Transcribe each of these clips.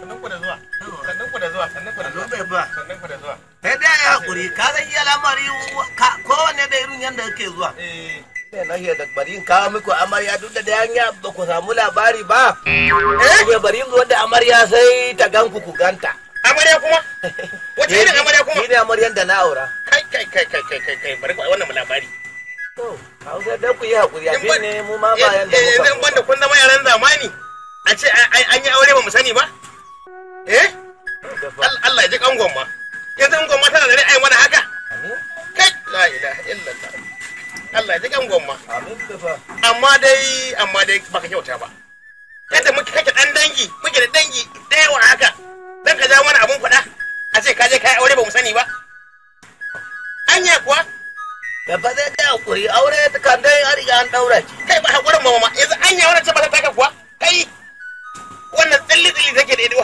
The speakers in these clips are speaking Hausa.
sannan ku da zuwa sannan ku da zuwa sannan ku da zuwa sannan ku da zuwa sai ka zai iya lamari kowanne da irin yadda yake zuwa eh. ne na hiyar da bari in kawo muku amarya duk da ya ba ku samu labari ba eh bari in zo da amarya sai ta ganku ku ganta amarya kuma wace irin amarya kuma shine amaryan da na aura kai kai kai kai kai kai bari ku wannan labari to hausa da ku yi hakuri a ne mu ma bayan da eh, ku eh, ban da kun zama yaran zamani a ce an yi aure ba mu sani ba amma dai amma dai baka kyauta ba yadda muke kake dan dangi muke da dangi da yawa haka dan ka zama mana abun faɗa a ce ka je ka aure ba mu sani ba anya kuwa babba zai ga hakuri aure ta kan dai har an daura ki kai ba hakurin ba mama yanzu anya wannan ce ba ta taka kuwa kai wannan tsalli tsalli take da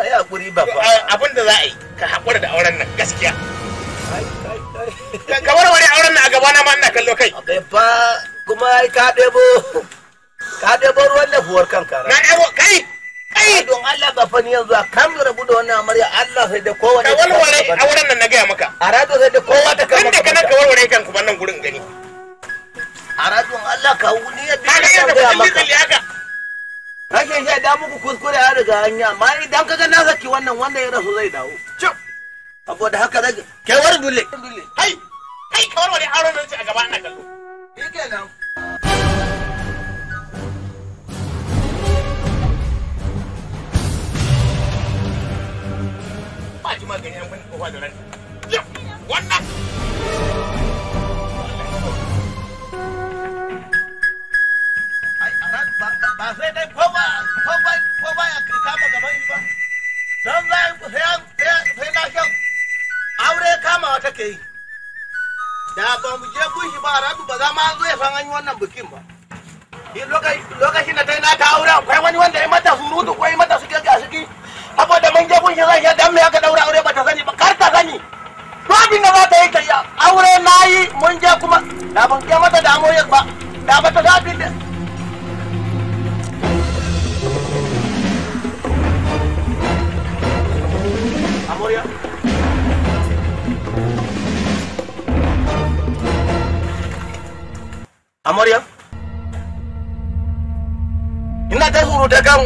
ai hakuri ba ba abin da za a yi ka hakura da auren nan gaskiya ka warware auren nan a gaba na ma ina kallo kai kai fa kuma ai ka debo ka debo ruwan da buwar kanka na debo kai kai don Allah ba fa ni yanzu a kan rabu da wannan amarya Allah sai da kowa ka warware auren nan na gaya maka a rado sai da kowa ta kama tunda kana ka warware kanku kuma nan gurin gani a radon Allah ka wuni ya bi ka ga maka kake ya da muku daga hanya ma amma idan kaga na saki wannan wanda ya rasu zai dawo Abu da haka zai kewar wani dule hai hai kawar wani aron nan ce a gaba ina kallo shikenan sai na shan aure yi da ba mu je ba ba za ma zo ya san an yi wannan bikin ba lokacin da ta yi na ta aure akwai wani wanda ya mata su ko ya mata su kirki a ciki saboda mun je zan dan me aka daura aure ba ta sani ba kar ta sani duk da za ta yi ta aure na yi mun je kuma da ban mata ba da ba ta za memoria? Amarya? Ina ta tsoro ta kan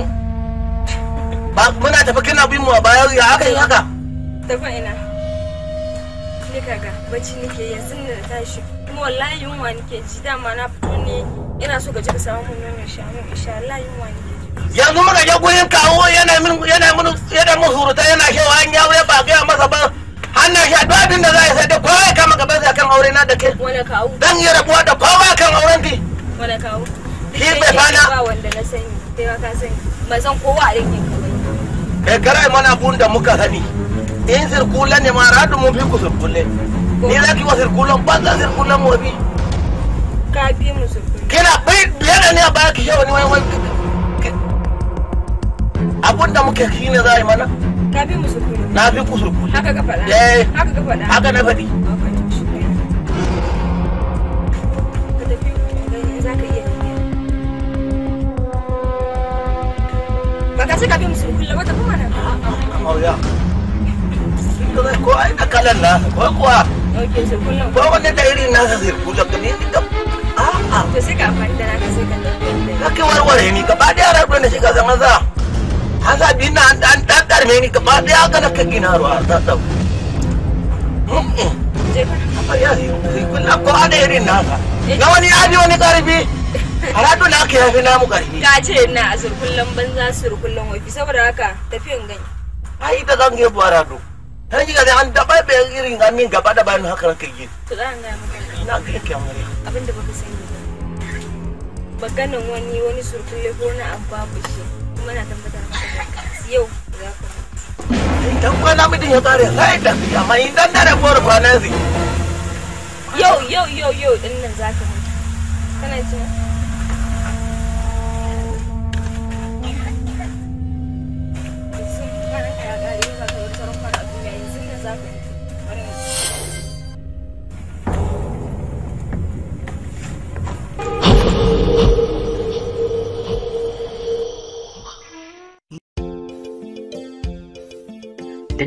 muna tafi kina bin mu a baya ya haka yi haka. Tafa ina. Ni kaga bacci nake yanzu na tashi kuma wallahi yunwa nake ji dama na fito ne ina so ka ji ka samu mun sha mun insha Allah yunwa nake. yanzu muka je gurin kawo yana min yana min yana min surutai yana shewa an ya wuya ba masa ba hannan sha duk abin da za a sai da kowa ya kama gaban sa kan aure na da ke wala kawo dan ya rabuwa da kowa kan auren ki wani kawo shi bai fana ba wanda na sani sai ka sani ba san kowa a rike kai karai mana abun da muka sani in sirkulan ne ma radu mun fi ku sirkulle ni za ki wa sirkulan ban za sirkulan mu bi ka bi mu sirkulle kina bai biyar ne a baya ki shewa ni wai wai abun da muke shi ne za a yi mana ka fi musu na fi haka ka faɗa eh haka ka haka na faɗi Baka sai ka fi musu kuri wata kuma na Amauya ko ai da kalan na ko kuwa ko wani da irin nasa sai kula ka ne ka a'a to sai ka fanta ka sai ka tabbata ka warware ni ka ba da yaran da shiga zaman za hasa biyun na an ɗarɗarme ni gaba ɗaya haka na kaki na ruwa ta ɗau ko ana irin nasa na wani ya wani ƙarfi halatu na ka yafi namu ƙarfi ka ce na a surkullen banza surkullen wafi saboda haka tafiyan gani ai da zan yi buwara do ta yi gani an daɓa bayan irin gamin gaba da bayan haka kan kai yi to za an gaya maka na kai kyamari abinda ka sani ba maganan wani wani surkulle ko na abu babu shi mana tabbatar yau za ka idan kwana ya amma idan na da zai yau yau yau yau din nan za ka mutu kana